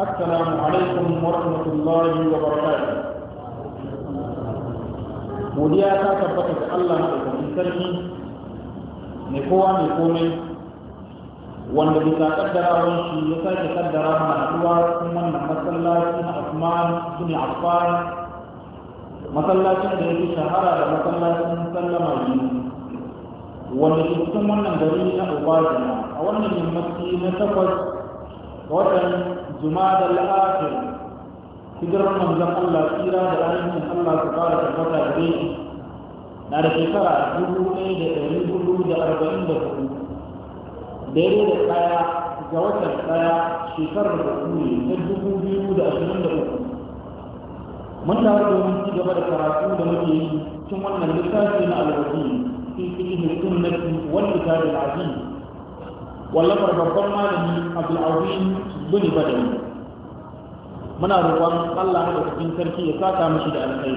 السلام عليكم ورحمة الله وبركاته godiya ta tabbata ga Allah maɗaukakin sarki mai kowa mai komai wanda bisa kaddarawan shi ya sake kaddara mana haɗuwa cikin wannan masallaci na Usman bin Affan masallacin da ya fi shahara da masallacin sallama biyu wanda ke cikin wannan gari na Ubadana a wannan yammaci na takwas watan jumada al-akhir hijirar manzon Allah kira da rahimin Allah ta fara ta'ala a shi na da shekara dubu ɗaya da ɗari hudu da arba'in da hudu daidai da ɗaya ga watan ɗaya shekarar da na dubu biyu da ashirin da uku mun taru domin ci gaba da karatu da muke yi tun wannan littafi na alwazi fi cikin sunnati wal kitab al wallafar babban malami azim bin badani muna roƙon allah da cikin sarki ya saka mishi da alƙai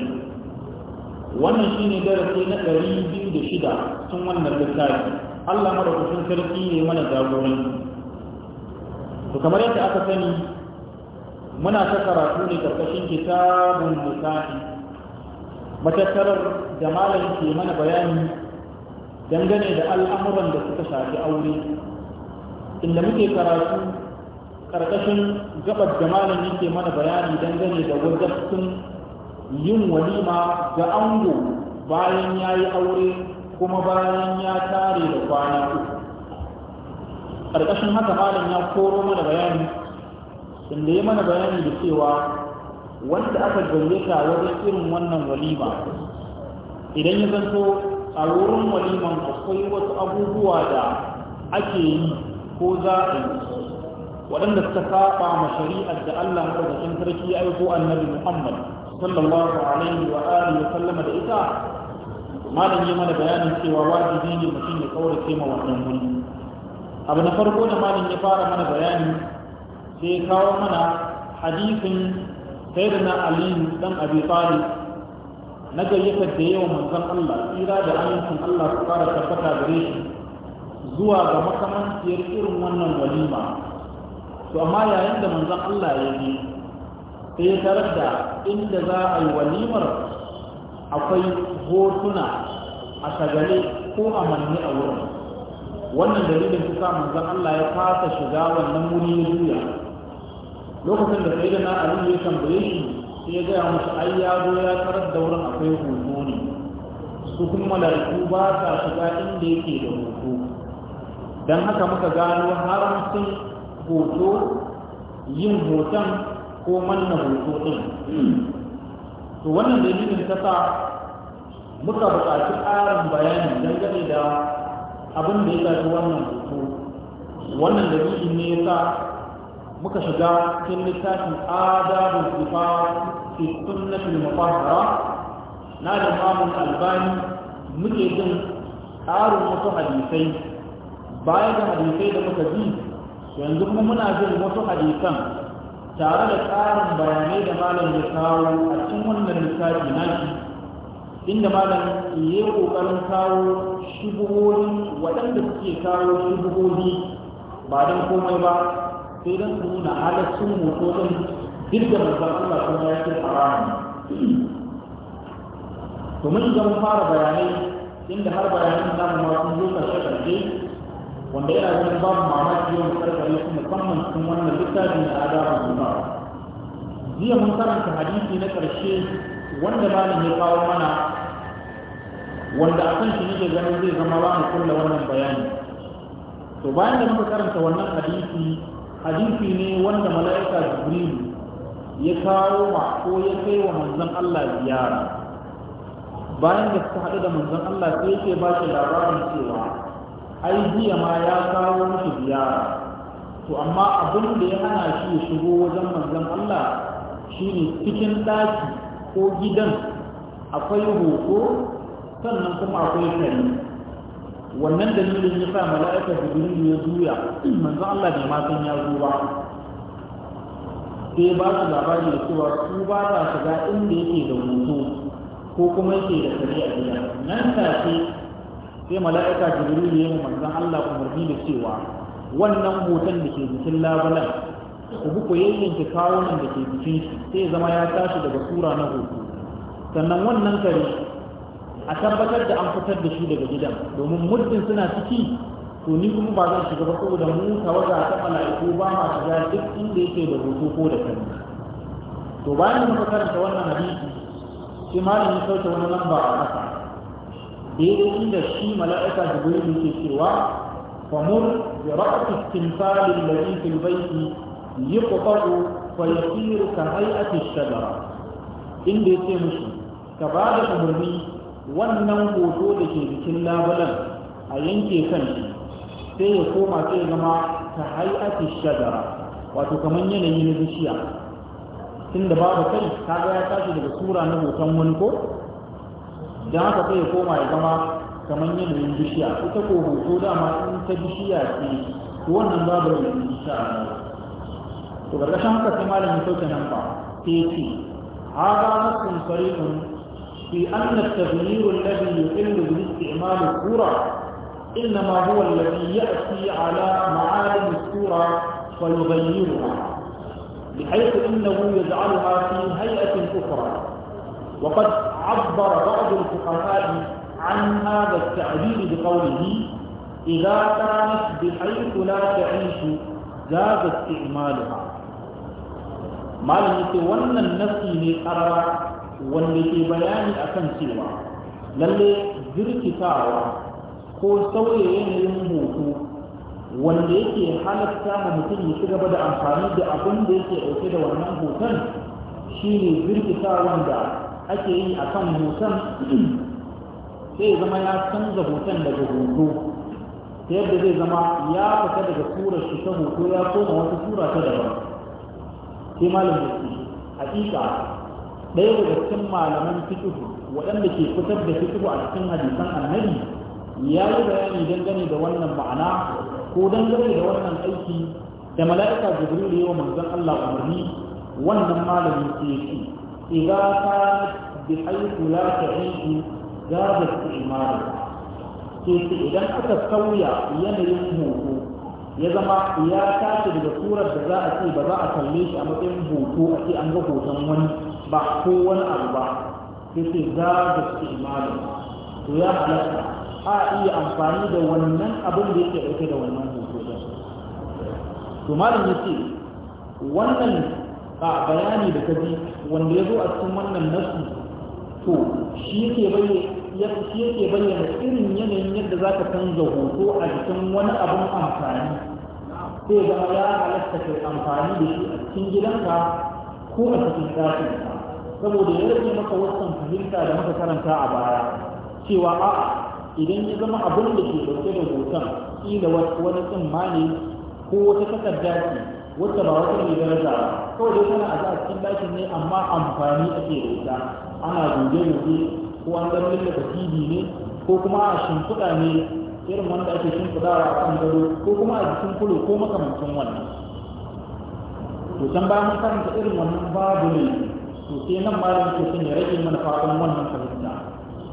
wannan shine darasi na ɗari biyu da shida cikin wannan littafi allah cikin sarki ne mana jagoran. to kamar yadda aka sani muna ta karatu ne karkashin kitabun nisa'i matattarar da malam ke mana bayani dangane da al'amuran da suka shafi aure inda muke karatu ƙarƙashin gabar da malam yake mana bayani dangane da wajabcin yin walima ga ango bayan ya yi aure kuma bayan ya tare da kwana Ƙarƙashin haka malam ya koro mana bayani inda ya mana bayani da cewa wanda aka gayyata wajen irin wannan walima idan ya zanto a wurin waliman akwai wasu abubuwa da ake yi ko za a yi waɗanda suka saba ma shari'ar da Allah madaukakin sarki ya aiko annabi Muhammad sallallahu alaihi wa alihi wa sallama da ita malam ya mana bayanin cewa wajibi ne mutum ya kaurace ma wannan wuri abu na farko da malam ya fara mana bayani sai kawo mana hadisin sayyidina Ali dan Abi Talib na gayyatar da yawan manzon Allah tsira da amincin Allah su fara tabbata gare shi zuwa ga makamanciyar irin wannan walima to amma yayin da manzon Allah ya je sai ya tarar da inda za a yi walimar akwai hotuna a sagale ko a manni a wurin wannan dalilin kusa manzon Allah ya fasa shiga wannan wuri ya juya lokacin da sai da na Ali ya tambaye shi sai ya gaya musu ai ya zo ya tarar da wurin akwai hoto ne su kuma mala'iku ba sa shiga inda yake da hoto don haka muka gano haramcin hoto yin hoton ko manna hoto ɗin to wannan dalilin ta sa muka buƙaci ƙarin bayani dangane da abin da ya zafi wannan hoto wannan dalilin ne ya sa muka shiga cikin littafin adabin sifa fi sunnati mufahara na da mamun albani muke jin ƙarin wasu hadisai bayan da hadisai da muka ji yanzu kuma muna jin wasu hadisan tare da tsarin bayanai da malam ya kawo a cikin wannan lissafi nashi inda malam ya yi ƙoƙarin kawo shubuhohi waɗanda suke kawo shubuhohi ba don komai ba sai don su nuna halittun hoto duk da manzan Allah kuma ya ce haramun to mun zama fara bayanai inda har bayanan zamu ma sun zo ƙarshe ƙarshe wanda yana zama babu mamaki yawan karkare su musamman cikin wannan littafi na adamu ba jiya mun karanta hadisi na ƙarshe wanda malam ya kawo mana wanda akan shi nake ganin zai zama ba mu kulla wannan bayani to bayan da muka karanta wannan hadisi hadisi ne wanda mala'ika jibril ya kawo ma ko ya kai wa manzon Allah ziyara bayan da suka haɗu da manzon Allah sai yake ba shi labarin cewa ai jiya ma ya kawo musu ziyara to amma abin da ya hana shi shigo wajen manzon Allah shine cikin ɗaki ko gidan akwai hoto sannan kuma akwai shari wannan dalilin ya sa mala'ikar jibril ya juya manzon Allah bai ma san ya zo ba sai ba su labari da cewa su ba ta shiga inda yake da hoto ko kuma yake da kare a gidan nan take sai mala'ika jibril ya yi manzan Allah umarni da cewa wannan hoton da ke jikin labulan ku bi ku yayyanke kawunan da ke jikin shi sai zama ya tashi daga sura na hoto sannan wannan kare a tabbatar da an fitar da shi daga gidan domin muddin suna ciki to ni kuma ba zan shiga ba saboda mu tawaga ta mala'iku ba ma shiga duk inda yake da hoto ko da kare to bayan da muka karanta wannan hadisi sai malamin sauke wani lamba a ƙasa daidai inda shi mala'ika da jibril ke cewa famur bi ra'ati istinfal yi fil bayti yuqta'u fa yasiru ka hay'ati shajara inda ya ce musu ka ba da umarni wannan hoto da ke bikin labulan a yanke kan shi sai ya koma sai ya zama ka hay'ati shajara wato kamar yanayi na bishiya tun da babu kai kaga ya tashi daga sura na hoton wani ko don haka sai ya koma ya zama kamar yin bishiya ita ko hoto dama in ta bishiya ce wannan babu yanayin insha Allah to ga gargashin haka sai malamin sauke nan ba sai ce hada nasun sarihun fi anna at alladhi yuqillu bi isti'mal al-qura إنما هو الذي يأتي على معالم الصورة فيغيرها بحيث innahu yaj'alha fi hay'atin ukhra وقد عبر بعض الفقهاء عن هذا التعبير بقوله إذا كانت بحيث لا تعيش جاز استعمالها ما لم يتولى النفس من قرار والتي بيان أكن سوى للي jirkitawa ko sauya yanayin hoto wanda yake halatta ma mutum ya ci gaba da amfani da abinda da yake ɗauke da wannan hoton shine jirkitawan da ake yi a kan hoton sai zama ya canza hoton daga hoto ta yadda zai zama ya fita daga tura shi ta hoto ya koma wata tura ta daban sai malam da ke hakika ɗaya daga cikin malaman fitihu, waɗanda ke fitar da fitihu a cikin hadisan annabi ya yi bayani dangane da wannan ma'ana ko dangane da wannan aiki da mala'ika jibril yawa manzon Allah umarni wannan malamin ke إذا كانت بحيث لا تعيد زاد استعماله كيف إذا أتى السوية ينرم هوتو ya zama ya tashi daga surar da za a ce ba za a kalle shi a matsayin hoto a ce an ga hoton wani ba ko wani abu ba sai ce za da su imani to ya halatta a iya amfani da wannan abin da yake ɗauke da wannan hoto ɗin to malam ya ce wannan a bayani da kaji wanda ya zo a cikin wannan nasu to shi yake bayyana shi yake bayyana irin yanayin yadda za ka canza hoto a cikin wani abin amfani sai da ya halatta kai amfani da shi a cikin gidanka ko a cikin ɗakinka saboda ya rage maka wasan fahimta da maka karanta a baya cewa a'a idan ya zama abin da ke dauke da hoton kila wani tsimma ne ko wata takarda ce wacce ba wata mai daraja ba kawai dai kana a za a cikin ɗakin ne amma amfani ake da ita ana goge-goge ko an ɗan lallaka tv ne ko kuma a shimfiɗa ne irin wanda ake shimfiɗawa a kan gado ko kuma a jikin kulo ko makamancin wannan to can bayan mun karanta irin wannan babu ne to sai nan ma ke son ya rage mana fatan wannan fahimta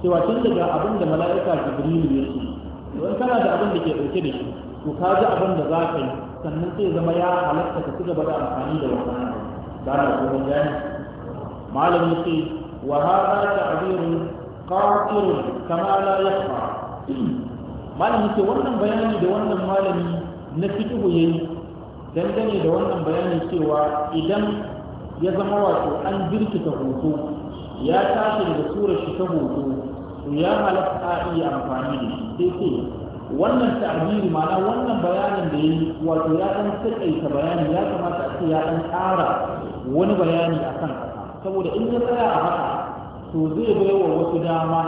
cewa tun daga abin da mala'ika jibrilu ya ce don kana da abin da ke ɗauke da shi to ka ji abin da za ka yi sannan sai zama ya halatta ka ci gaba da amfani da wannan Malami kuma gani malam yake wa hada ta'birun qatir kama la yakhfa malam yake wannan bayani da wannan malami na fiqh yayi dangane da wannan bayani cewa idan ya zama wato an birkita hoto ya tashi da sura shi ta hoto to ya halatta a iya amfani da shi sai sai wannan ta'ziri ma'ana wannan bayanin da yi wato ya dan sirkaita bayani ya kamata a ce ya dan ƙara wani bayani akan haka saboda in ya tsaya a haka to zai bai wa wasu dama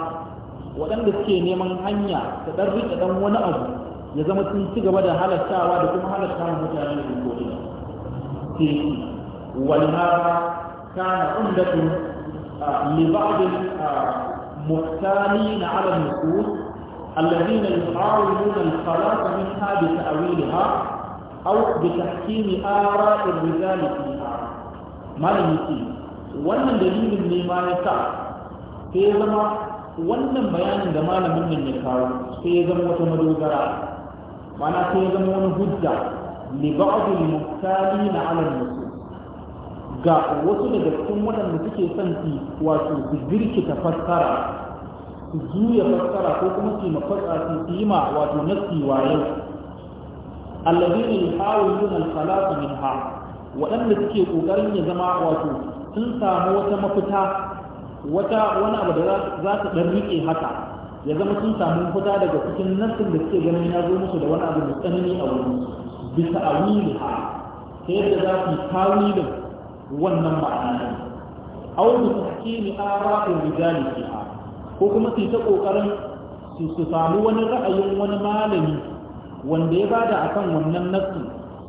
waɗanda suke neman hanya ta ɗan riƙe ɗan wani abu ya zama sun ci gaba da halattawa da kuma halatta mutane da kotu ke walhara kana umdatu tun ba'd al na 'ala الذين يحاولون الخلاص منها بتأويلها أو بتحكيم آراء الرجال فيها ما يمكن wannan dalilin ne ma ya sa sai ya zama wannan bayanin da malamin nan ya kawo sai ya zama wata madogara mana sai ya zama wani hujja li ba'dul muhtalina 'ala ga wasu daga cikin waɗanda suke son su wato su girkita fassara su juya fassara ko kuma su mafasa su yi wato nasi wayo alladhina yuhawiluna al-khalas minha waɗanda suke ƙoƙarin ya zama wato sun samu wata mafita wata wani abu da za ta dan rike haka ya zama sun samu mafita daga cikin nassin da suke ganin ya zo musu da wani abu mai tsanani a wurin bisa ha, ta yadda za su yi tawilin wannan ma'ana au bi tahkimi ara'in rijali fiha ko kuma su ta ƙoƙarin su samu wani ra'ayin wani malami wanda ya bada a kan wannan nassi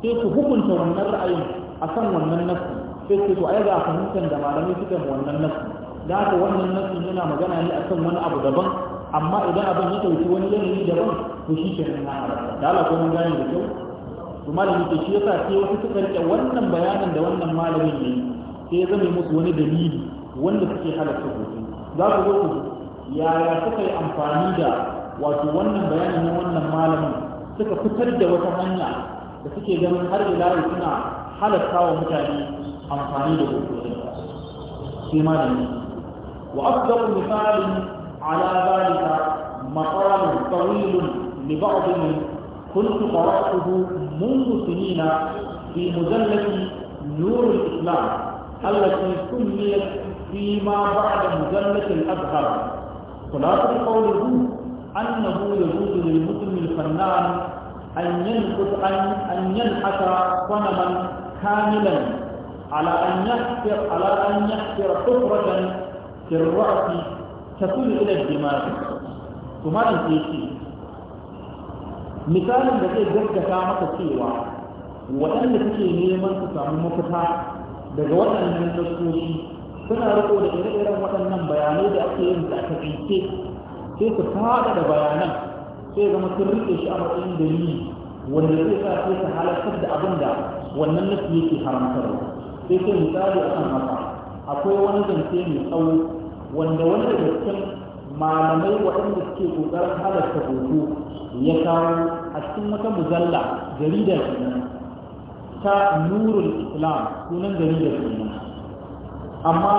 sai su hukunta wannan ra'ayin a kan wannan nassi sai su to ai ga fahimtar da malami suka wannan nassi da haka wannan nassi yana magana ne a kan wani abu daban amma idan abin ya ɗauki wani yanayi daban to shi ke nan da ala ko mun gane da kyau to malami ke shi yasa sai wasu suka rike wannan bayanin da wannan malamin ne sai ya zame musu wani dalili wanda suke halatta gobe za ku zo ku yaya suka yi amfani da wato wannan bayanin na wannan malamin suka fitar da wata hanya da suke ganin har ila yau suna halatta wa mutane amfani da hukumin sai malami wa afdalu misalin ala zalika maqalun tawilun li ba'd min كنت قرأته منذ سنين في مجلة نور الإسلام التي سميت فيما بعد مجلة الأزهر خلاصه قوله أنه يجوز للمسلم الفنان ان ينقص ان أن ينحت صنما كاملا على ان يحفر على ان يحفر حفره في الراس تكون الى الدماغ وما ينتهي مثال da zai gaskata maka cewa waɗanda suke neman su samu mafita daga waɗannan nasoshi suna riko da ire-iren waɗannan bayanai da ake yin da aka fice sai su faɗa da bayanan sai zama sun rike shi a matsayin dalili wanda zai sa sai su halartar da abin da wannan nufi yake haramtarwa sai sai misali a kan haka akwai wani zance mai tsawo wanda wani daga cikin malamai waɗanda suke ƙoƙarin halarta hoto ya kawo a cikin wata muzalla jaridar ta nurul islam sunan jaridar kenan amma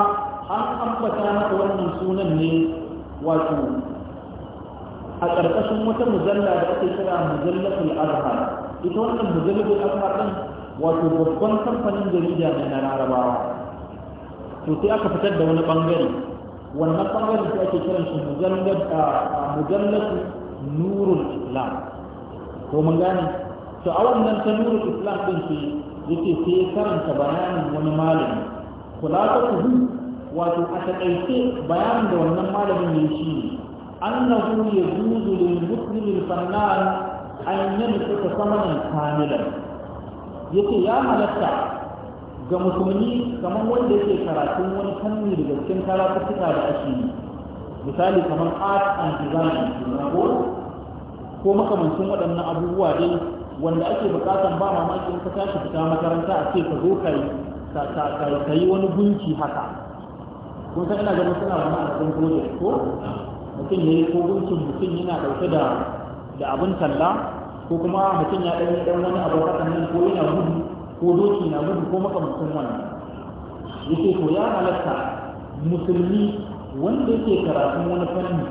an ambata maka wannan sunan ne wato a ƙarƙashin wata muzalla da ake kira muzallatul azhar ita wannan muzallatul azhar din wato babban kamfanin jarida ne na larabawa to sai aka fitar da wani bangare wannan bangaren sai ake kiran shi mujallatul nurul islam ko mun gane to a wannan ta nurul islam din shi yake sai karanta bayanin wani malami kulatatuhu wato a taƙaice bayanin da wannan malamin ne shi ne annahu yajuzu lil muslimin fannan an yamsuka samanan kamilan yace ya halatta ga musulmi kamar wanda yake karatun wani fanni daga cikin karatuttuka da ake yi misali kamar art and design ko makamancin waɗannan abubuwa dai wanda ake buƙatar ba mamaki in ka tashi fita makaranta a ce ka zo ka ka yi wani gunki haka kun san ina ganin suna wani alaƙin project ko mutum ya yi ko gunkin mutum yana ɗauke da da abin talla ko kuma mutum ya ɗan ɗan wani abu a nan ko yana gudu ko doki na gudu ko makamantan wannan yake ko ya halatta musulmi wanda yake karatun wani fanni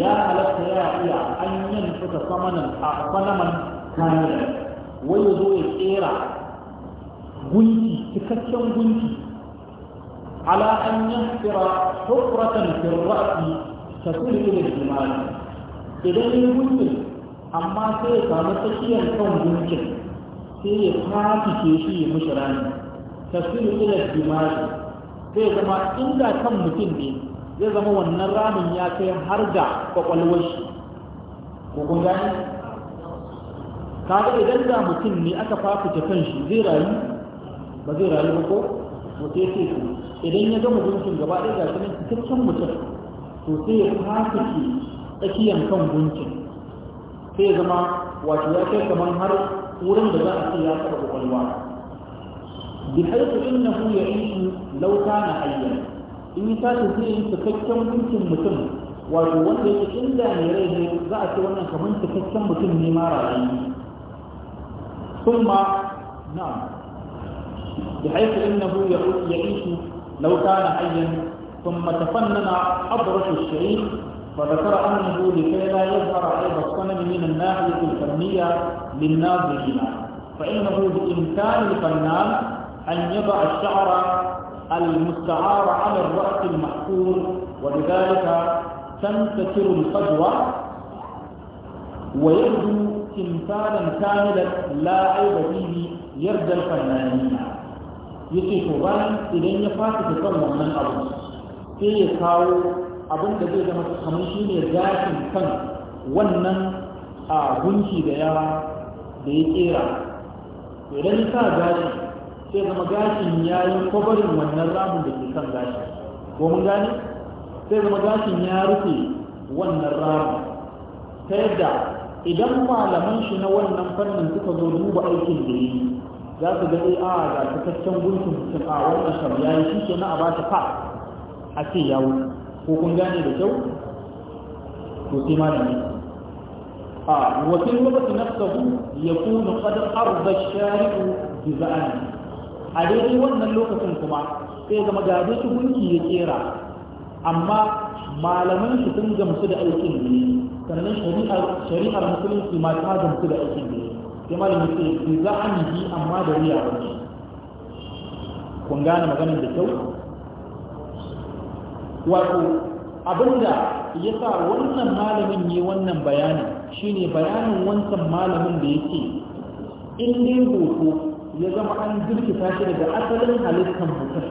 ya halatta ya iya an yin suka samanin a sanaman kamila wai ya zo ya tsera gunki cikakken gunki ala an yahfira hufratan fi ra'si tasulu ila jimali idan gunki amma sai ya samu tsakiyar kan gunki sai ya fafike shi ya mishi rani tasulu ila al zai zama inda kan mutum ne zai zama wannan ramin ya kai har da kwakwalwar shi ko kun gani kaga idan da mutum ne aka fafita kan shi zai rayu ba zai rayu ba ko wata ya ce idan ya gama gunkin gaba ɗaya ga sanin cikakken mutum to sai ya fasa ki tsakiyar kan gunkin sai ya zama wato ya kai kamar har wurin da za a ce ya taɓa ƙwaƙwalwa bi haifu hu ya ishi lauta na hayyan in yi tashi zai yi cikakken gunkin mutum wato wanda yake da ne rai ne za a ce wannan kamar cikakken mutum ne mara rayu ثم نعم بحيث انه يعيش لو كان حيا ثم تفنن حضره الشعير فذكر انه لكي لا يظهر عيب الصنم من الناحيه الفنيه للناظرين فانه بامكان الفنان ان يضع الشعر المستعار على الراس المحفور وبذلك تنتشر الفجوه ويبدو تمثالا كاملا لا عيب فيه يرجى الفنانين yake ko ba idan ya fasa da kan wannan abu sai ya kawo abin da zai zama kamar shi ne zafin kan wannan a gunki da ya da ya kera idan ya sa gashi sai zama gashin ya yi kwabarin wannan ramin da ke kan gashi ko mun gane sai zama gashin ya rufe wannan ramin ta yadda idan malaman shi na wannan fannin suka zo duba aikin da yi za su ga a ga cikakken gunkin mutum a wannan kam ya yi shi na a ba ta fa a ce ya wuce ko kun gane da kyau to sai ne a wakil lokaci nafsahu ya kunu qad arda shari'u bi za'ani a daidai wannan lokacin kuma sai zama ga shi gunki ya kera amma malaman shi sun gamsu da aikin ne sannan shari'ar musulunci ma ta gamsu da aikin ne sai malamin ce bi yi amma da riya ne kun gane maganin da kyau wato abinda ya sa wannan malamin ne wannan bayanin shine bayanin wancan malamin da yake in dai hoto ya zama an jirkita shi daga asalin halittar mutum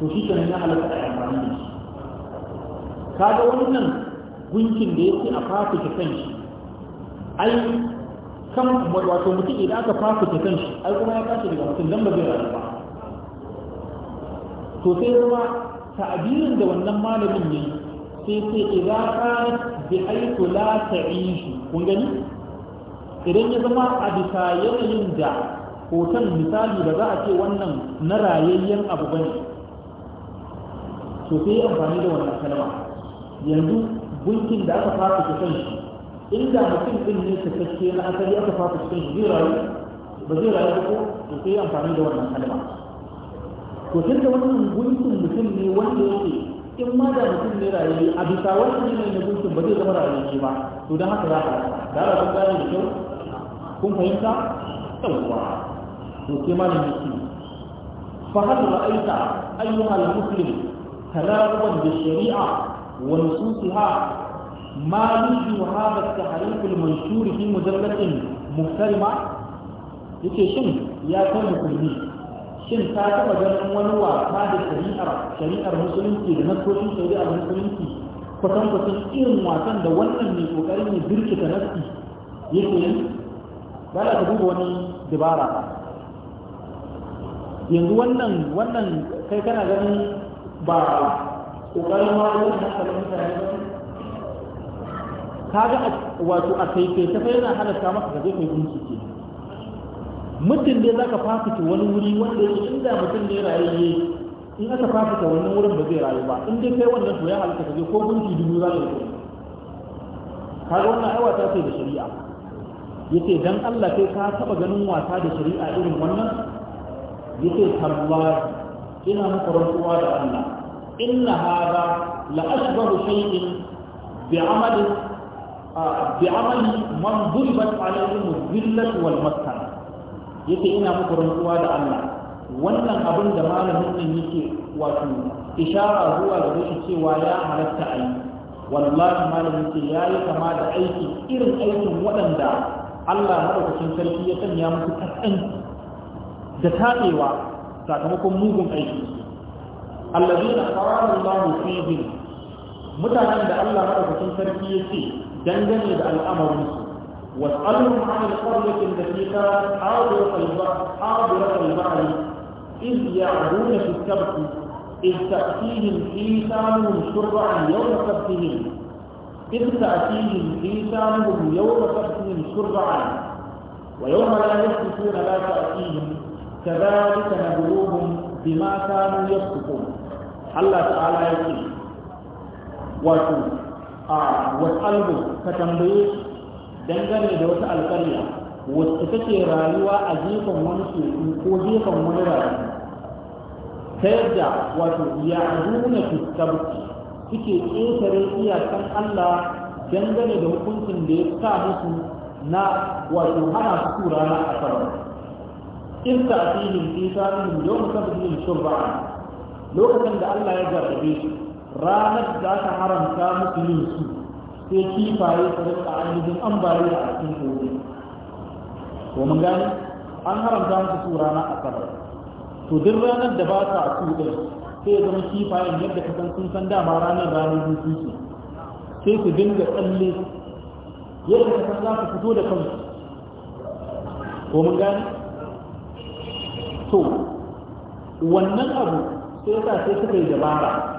to shi kenan ya halitta a amfani da shi kaga wannan gunkin da yake a fafuta kan shi ai kan wato mutum idan aka fasa kan shi ai kuma ya tashi daga mutum dan ba zai rayu ba to sai kuma ta'abirin da wannan malamin ne sai sai idan ka bi aitu la ta'ishi kun gani idan ya zama a bisa yanayin da hoton misali da za a ce wannan na rayayyen abu bane to sai amfani da wannan kalma yanzu gunkin da aka fara ta kan shi inda mutum din ne cikakke na asali aka fata cikin zai ba zai rayu ko to sai amfani da wannan kalma to tun da wannan gunkin mutum ne wanda yake in ma da mutum ne rayu a bisa wannan ne na gunkin ba zai zama rayu ba to dan haka za ka da ra kun gane da kyau kun fahimta yawwa to sai malamin yake fa hal ra'aita ayyuhal muslim talaquban bi shari'a wa nususiha ما مثل هذا التحريف المنشور في مجلة محترمة yake shin ya kai musulmi shin ta taba ganin wani wasa da shari'ar shari'ar musulunci da nasoshin shari'ar musulunci kusan kusan irin wasan da wannan mai kokarin ya birkita nasi yake yi ba za ta duba wani dabara yanzu wannan wannan kai kana ganin ba kokarin wani wani hasalin mutane ba kaga wato a kai kai ta yana halatta maka kaje kai kai bincike mutum ne zaka fafita wani wuri wanda yake inda mutum ne rayayye in aka fafita wani wurin ba zai rayu ba in dai kai wannan to ya halatta ka je ko gunki dubu za ka yi kaga wannan aiwata ce da shari'a yace dan Allah kai ka taba ganin wasa da shari'a irin wannan yace tallahi ina muku rantsuwa da Allah inna hada la ashbahu shay'in bi amalin بعمل من ضربت عليهم الذلة والمسكنة yake ina muku rantsuwa da Allah wannan abin da malamin nan yake wato ishara zuwa da shi cewa ya halatta a yi wallahi malamin ce ya yi kama da aiki irin aikin waɗanda Allah maɗaukacin sarki ya sanya musu kasan da taɗewa sakamakon mugun aiki allazina qarara Allah fihi mutanen da Allah maɗaukacin sarki ya ce dangane da al'amarin su wasallu ma'al qaryatin allati kanat حاضرة البحر bahr hadirat al-bahr iz ya'buna إذ تأتيهم حيثانهم شرعا يوم سبتهم إذ تأتيهم حيثانهم يوم سبتهم شرعا ويوم لا يحدثون لا تأتيهم كذلك نبلوهم بما كانوا يصدقون الله تعالى يقول واتوب a wasalbu ka tambaye dangane da wata alƙarya wacce take rayuwa a jefan wani teku ko jefan wani rayu ta yadda wato ya nuna fiskarci suke ƙetare iyakan Allah dangane da hukuncin da ya sa musu na wato hana su tura na asarar. in ta asirin isa ilin yau musabbihin lokacin da Allah ya gargabe shi ranar za ta haramta musu yin su sai kifaye su rika ainihin ambaliya a cikin kogi to mun gani an haramta musu su rana asabar to duk ranar da ba ta su dai sai zama kifayen yadda ka san sun san dama ranar ranar hutu ce sai su dinga tsalle yadda ka san za su fito da kansu ko mun gani to wannan abu sai sa sai suka yi dabara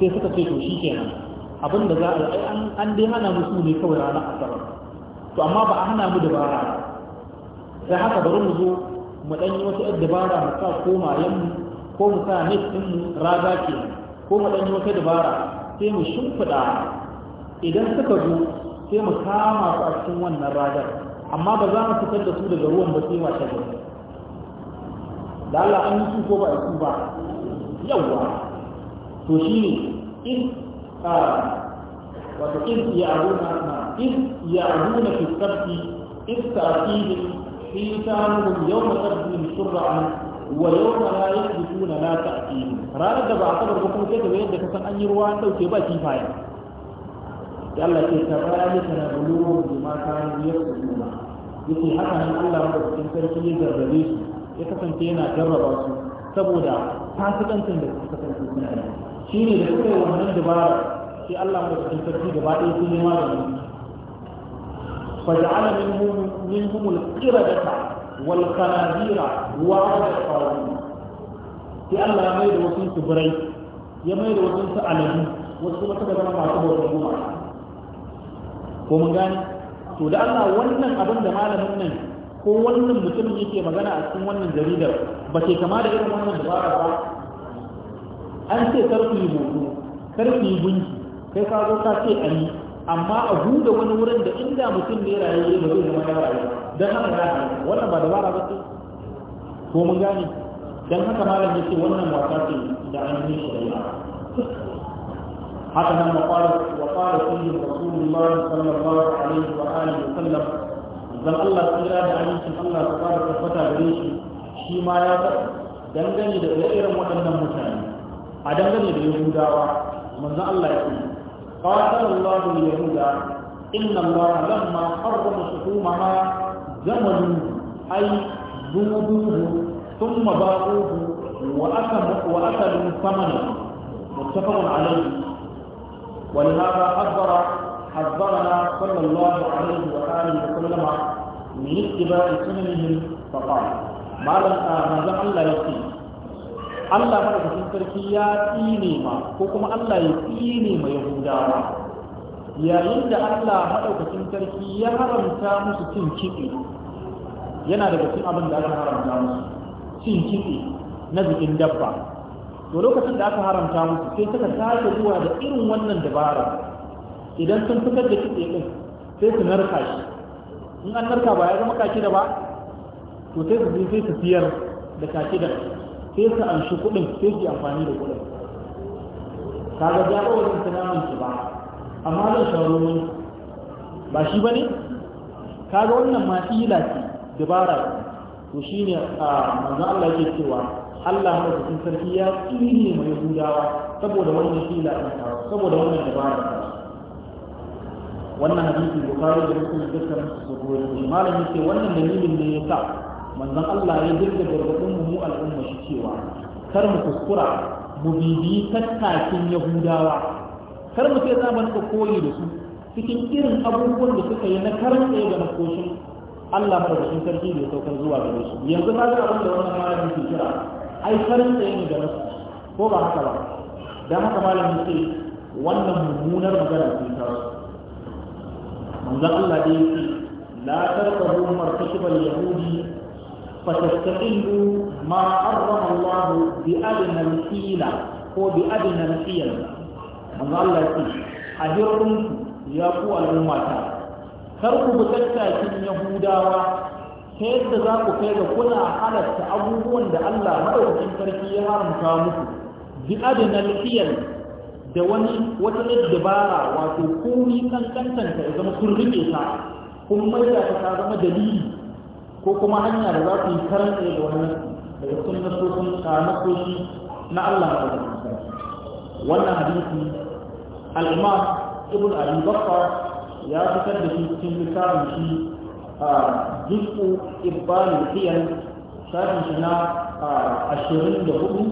sai suka ce to shi kenan abin da za a yi an dai hana musu ne kawai ranar asabar to amma ba a hana mu dabara sai haka bari mu zo mu ɗan yi wata dabara mu sa komayen mu ko mu sa net ɗin mu raga ke ko mu ɗan yi wata dabara sai mu shimfiɗa idan suka zo sai mu kama su a cikin wannan ragar amma ba za mu fitar da su daga ruwan ba sai washe gari da Allah an yi su ko ba a su ba yawwa to shi ne in a ah, wato in ya abuna na ah, in ya abuna fi sabbi in ta'kidin fi ta'amuhum yawma sabbi shur'an wa yawma la yasbutuna la ta'tihi ranar da ba a sabar kuma sai kaga yadda ka san an yi ruwa an dauke ba kifaya da Allah ke tabarani kana buluwa bi ma kanu yasbutuna yake haka nan Allah ba cikin sarki ya gargabe su ya kasance yana jarraba su saboda fasikancin da suka kasance suna yi shi ne da suka yi wannan dabara sai Allah mai cikin sarki gaba ɗaya sun yi magani faja'ala minhum minhum al-qiradata wal khanazira wa al-qawi sai Allah ya mai da wasu tsibirai, ya mai da wasu su aladu wasu kuma suka zama masu bautar goma ko mun gane? to da Allah wannan abin da malamin nan ko wannan mutumin yake magana a cikin wannan jaridar ba ke kama da irin wannan dabara ba an ce kar ku yi hoto kar ku yi kai ka zo ka ce an yi amma a buɗe wani wurin da inda mutum ne rayuwa ba zai zama dabara ba don haka ya wannan ba dabara ba ce ko mun gane don haka malam ya ce wannan wasa ce da an yi shari'a haka nan maƙwarar وقال فيه رسول الله صلى الله عليه وآله وسلم dan Allah tsira da amincin Allah ta fara tabbata gare shi shi ma ya faɗi dangane da irin waɗannan mutane a dangane da yahudawa manzon Allah ya ce qatala Allahu al-yahuda inna Allah lamma harrama shutumaha zamanu ay dubuhu thumma ba'uhu wa akamu wa akalu thamana muttafaq alayhi ولهذا حذر حذرنا صلى الله عليه وآله وسلم من اتباع سننهم فقال ما لم آمن الله يقين Allah maɗaukacin sarki ya tsine ma ko kuma Allah ya tsine ma Yahudawa yayin da Allah madaukakin sarki ya haramta musu cin kitse yana daga cikin abin da aka haramta musu cin kitse na jikin dabba to lokacin da aka haramta musu sai suka tashi zuwa da irin wannan dabara idan sun fitar da kitse din sai su narka shi in an narka ba ya zama kaki da ba to sai su sai su fiyar da kaki da sai ka amshi kuɗin sai su amfani da kuɗin kaga ga ba wani tunanin su ba amma zan sharo ne ba shi bane ga wannan ma shi ce dabara to shine a manzo Allah yake cewa Allah cikin sarki ya tsine mai gudawa saboda wannan ila ta saboda wannan dabara wannan hadisi bukari da muslim dukkan su goyi Malami ce wannan dalilin ne yasa manzon Allah ya dinga gargadin mu al'umma shi cewa kar mu kuskura mu bibi tattakin yahudawa kar mu sai zaman ka koyi da su cikin irin abubuwan da suka yi na karan tsaye da makoshin Allah madaukakin sarki da ya saukar zuwa gare su yanzu ba ga abin da wannan malamin ke kira ai karin tsaye ne da nasu ko ba haka ba Da haka malamin ce wannan mummunar magana ce ta manzon Allah da yake la tarqabu martakibal yahudi فتستقل ما حرم الله بأدنى الحيلة هو بأدنى الحيلة من الله يقول أجركم يا قوة الأمة كركم تكتاكم يهودا ta yadda za ku kai ga kuna halarta abubuwan da Allah maɗaukakin sarki ya haramta muku bi adinal da wani wata dabara wato komi kankantanta ya zama kun riƙe ta kun maida ta ta zama dalili ko kuma hanya da za ku yi karanta da wannan daga na nasosin nasoshi na Allah da kusa wannan hadisi al'umma Ibn Abi Bakr ya fitar da shi cikin littafin shi a juz'u ibban al shafin shi na hudu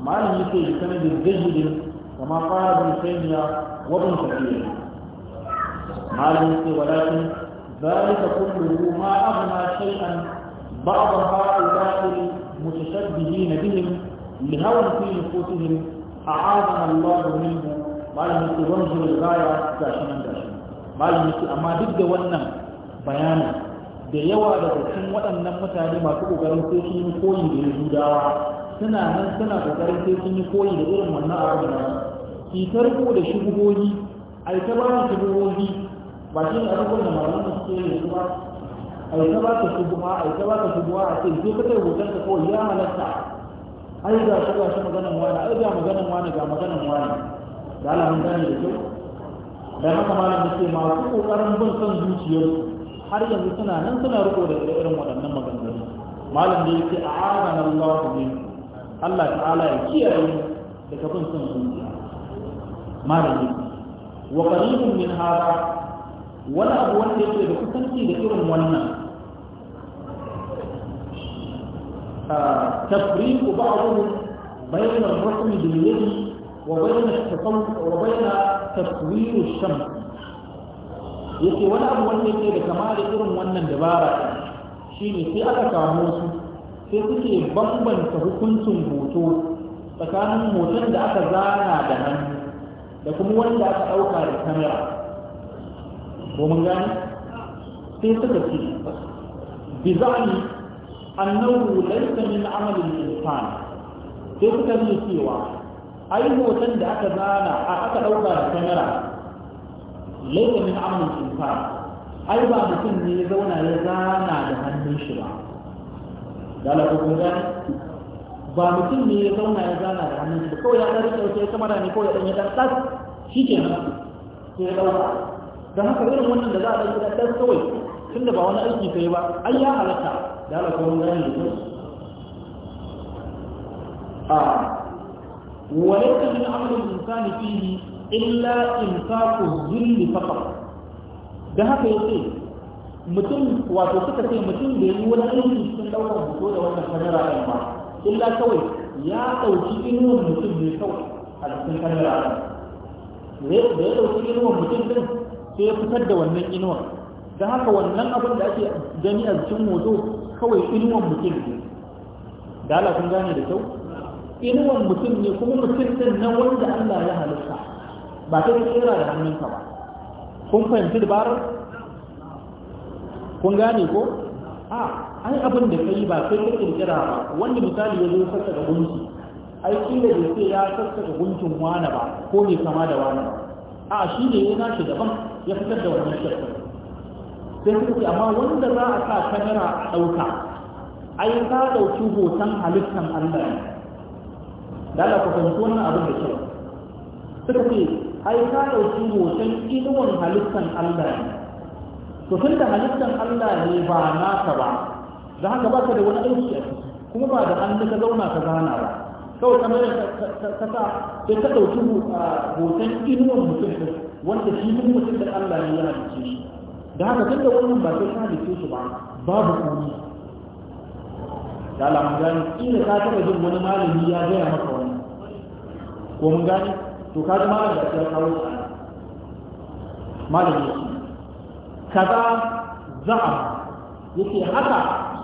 malam yake da sanadin jayyidin kama fara bin sanya wa bin kafiya yake wadatun ذلك كله ما أغنى شيئا بعض هؤلاء المتشبهين بهم لهوى في نفوسهم أعاذنا الله منه ما لم يتوجه الغاية داشنا داشنا ما لم يتوجه أما ضد ونم بيانا da yawa daga cikin waɗannan mutane masu ƙoƙarin sai sun yi koyi da suna nan suna ƙoƙarin sai sun yi koyi da irin wannan abin nan ki da shubuhohi ai ta ba mu shubuhohi ba shi ne abubuwan da malamin so ne kuma a yi ba ka shugaba a yi ta ba ka shugaba a ce zo ka kai hoton ka kawai ya halatta ai ga shi ga shi maganan wani ai ga maganan wani ga maganan wani da Allah mun gane da kyau da haka malam da ce masu kokarin bin son zuciyar har yanzu suna nan suna riko da irin waɗannan maganganu malam da yake a amana Allah min Allah ta'ala ya kiyaye daga bin son zuciya malam wa qalilun min hada wani abu wanda ya da kusanci da irin wannan tafriqu ba'dhum bayna ar-rasm bil yad wa bayna at-tasawwur wa bayna taswir shan. Ya yake wani abu wanda ya da kama da irin wannan dabara ne sai aka samu su sai suke bambanta hukuncin hoto tsakanin hoton da aka zana da hannu da kuma wanda aka ɗauka da kamera ko mun gane sai suka ce bi zani annahu laysa min amali al-insan sai suka ce cewa ai hoton da aka zana a aka dauka da kamera laysa min amali al-insan ai ba mutum ne ya zauna ya zana da hannun shi ba da la ko kun gane ba mutum ne ya zauna ya zana da hannun shi ba kawai ya ɗan rike wata kamera ne kawai ya ɗan ya ɗan ɗas shi ke nan sai ya ɗauka da haka irin wannan da za a ɗauki ɗan kawai tun da ba wani aiki sai ba ai ya halatta da ala kawai gani da kyau a wani min amalin insani fili illa infaku zulli fafa? da haka ya ce mutum wato suka ce mutum da yi wani aiki cikin ɗaukar hoto da wannan kamera ɗin ba illa kawai ya ɗauki inuwar mutum mai kawai a cikin kamera ɗin da ya ɗauki inuwar mutum ɗin sai ya fitar da wannan inuwar da haka wannan abin da ake gani a cikin hoto kawai inuwar mutum ne da ala sun gane da kyau inuwar mutum ne kuma mutum din na wanda Allah ya halitta ba ta tsira da hannunka ba kun fahimci dabarar kun gane ko a ai abin da kai ba sai ka kirkira ba wanda misali ya zo sassa da gunki ai kila da sai ya sassa da gunkin wani ba ko bai kama da wani ba a shi ne ya nashi daban ya fitar da wannan shirkin sai kuma ce amma wanda za a sa kamera a ɗauka ai ka ɗauki hoton halittan Allah ne da ala ku fahimci wannan abin da kyau suka ce ai ka ɗauki hoton inuwan halittan Allah ne to tun da halittan Allah ne ba naka ba da haka ba ka da wani aiki a kuma ba da an ka zauna ka zana ba kawai kamar ta sa sai ta ɗauki hoton inuwar mutum ɗin wanda shi mun mutum da Allah ne ya halice shi da haka tun da wannan ba sai ta halice shi ba babu komi da alamun gani ina ka taɓa jin wani malami ya gaya maka wani ko mun gani to ka ji malami da ya kawo shi malami ya ce kaza za'a yake haka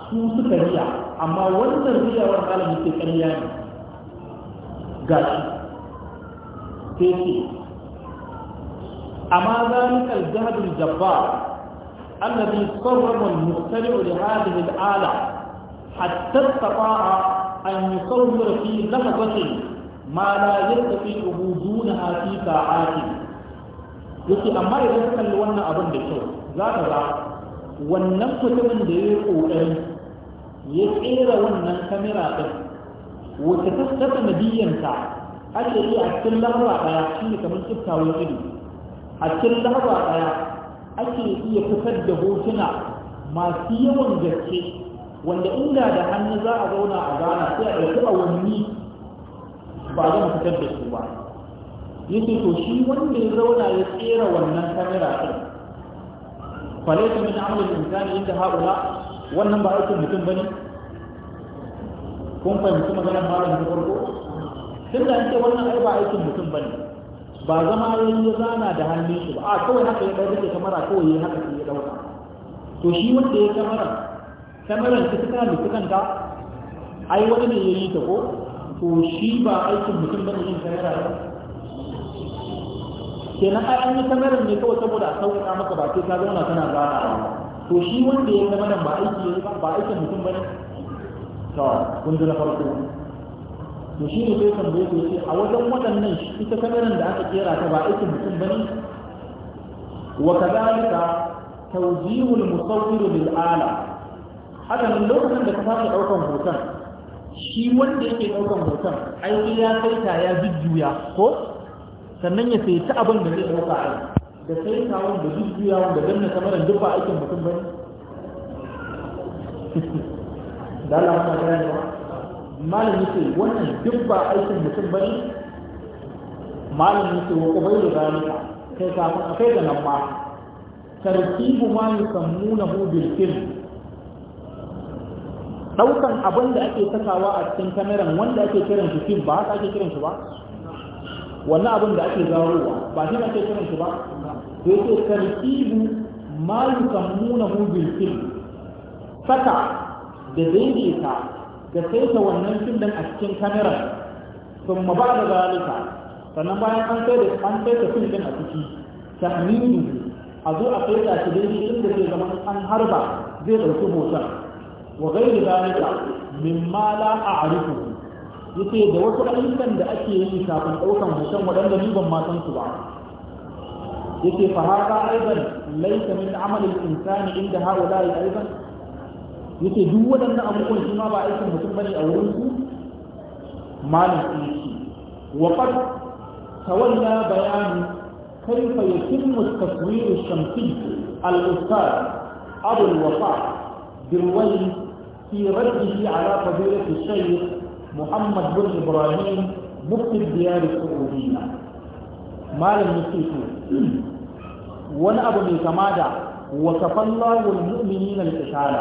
su suka riya amma wannan riyawar malami ke ƙarya ne قال كيفي أما ذلك الجهد الجبار الذي صرم المخترع لهذه الآلة حتى استطاع أن يصور في لحظة ما لا يستطيعه دونها في ساعات yake أما إذا kalli wannan abin da kyau za ka ga wannan mutumin da ya yi ƙoƙari ya wacce ta sanadiyyanta ake yi a cikin lahara ɗaya shi ne kamar tsiftawan ido a cikin lahara ɗaya ake iya fitar da hotuna masu yawan gaske wanda inda da hannu za a zauna a gana sai a ɗauki awanni ba zan fitar da su ba yake to shi wanda ya zauna ya tsera wannan kamera ɗin falaita min amalin insani inda haɗula wannan ba aikin mutum ba ne. kun fahimci maganar malamin ta farko tun da ce wannan ai ba aikin mutum bane ba zama yayin ya zana da hannun shi ba a kawai haka ya dauke kamera kawai ya haka ya dauka to shi wanda ya kamera kameran ta tana da ta? ai wani ne yayi ta ko to shi ba aikin mutum bane yin kamera ba kenan ai an yi kamera ne kawai saboda a sauƙaƙa maka ba sai ka zauna kana zana to shi wanda ya kamera ba aiki ba aikin mutum bane ta kun farko to shi ne sai tambaye ku yace a wajen waɗannan ita kamarin da aka kera ta ba aikin mutum bane wa kadalika tawjihul musawwir lil ala haka nan lokacin da ka fara daukan hoton shi wanda yake daukan hoton ai ya kai ta ya jujjuya ko sannan ya sai ta abin da zai dauka ai da sai ta wanda jujjuya wanda danna kamarin duk ba aikin mutum bane da Allah muna gane ba malam yake wannan duk ba aikin mutum bane malam yake wa da zalika kai kafin akai da nan ma tartibu ma yusammunahu bil film daukan abin da ake sakawa a cikin kameran wanda ake kiran shi film ba haka ake kiran shi ba wannan abin da ake zarowa ba shi ake kiran shi ba da yake tartibu ma yusammuna hu bil film saka da daidaita da saita wannan fim a cikin kamiran sun ba da zalika sannan bayan an sai da an sai da fim din a ciki tahminu a zo a sai da shi daidai inda zai zama an harba zai ɗauki hoton wa gairi zalika mimma la a'rifu yace da wasu ayyukan da ake yi kafin ɗaukan hoton waɗanda ni ban ma san su ba yake fa haka aiban laysa min amali insani inda haula aiban yake duk waɗannan abubuwan shi ma ba aikin mutum bane a wurin su malam sun ce wa qad tawalla bayanu kayfa yatimmu at-taswir ash-shamsi al-ustad abu al-wafa بالوجه في رده على فضيلة الشيخ محمد بن إبراهيم مفتي الديار السعودية مال المسيح وانا أبو ميكمادا وكفى الله المؤمنين القتال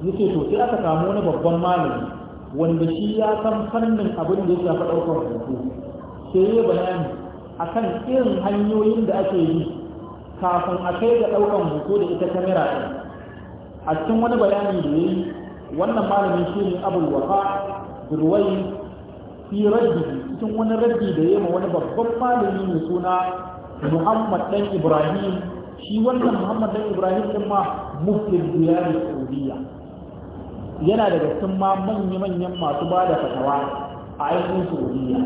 yake to sai aka samu wani babban malami wanda shi ya san fannin abin da ya shafi ɗaukar hoto sai ya bayani akan irin hanyoyin da ake yi kafin a kai ga ɗaukar hoto da ita kamera ɗin a cikin wani bayani da ya yi wannan malamin shi ne abul wafa durwai fi raddi cikin wani raddi da ya yi ma wani babban malami mai suna muhammad dan ibrahim shi wannan muhammad dan ibrahim din ma muftin diyar saudiya yana daga cikin ma manya-manyan masu ba da fatawa a ainihin saudiya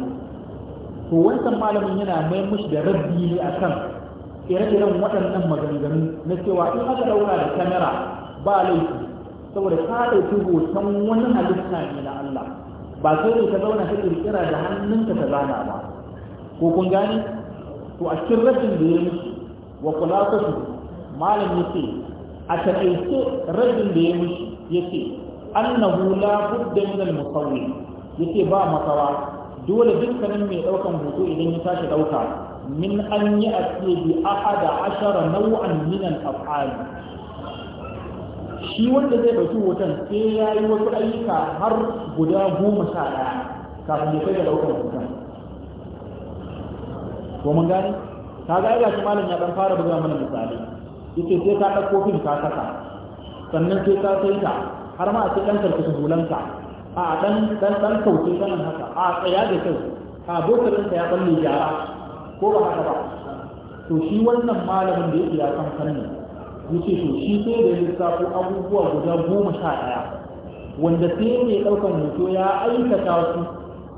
to wancan malamin yana mai mushi da rabbi ne a kan ire-iren waɗannan maganganu na cewa in aka daura da kamera ba laifi saboda ka ɗauki hoton wani halitta ne na Allah ba sai ne ka zauna ka kirkira da hannunka ta zana ba ko kun gane to a cikin rashin da ya mushi wa kula malam ya ce a taƙaice rashin da ya mushi ya ce annahu la budda min al musawwi yake ba makawa dole dukkanin mai daukan hoto idan ya tashi dauka min an yi asiye bi ahada ashara nau'an min al af'al shi wanda zai dauki hoton sai ya yi wasu ayyuka har guda goma sha daya kafin ya kai ga daukan hoton ko mun gane ka ga ga shi malam ya dan fara buga mana misali yace sai ka dauko fim ka saka sannan sai ka sai ka har ma a ce ɗan karfi hulanka a ɗan ɗan ɗan kauce sanan haka a tsaya da kyau a bokarin ya ɓalle gyara ko ba haka ba to shi wannan malamin da yake ya san fanni ce to shi sai da lissafo abubuwa guda goma sha ɗaya wanda sai mai ɗaukan hoto ya aikata su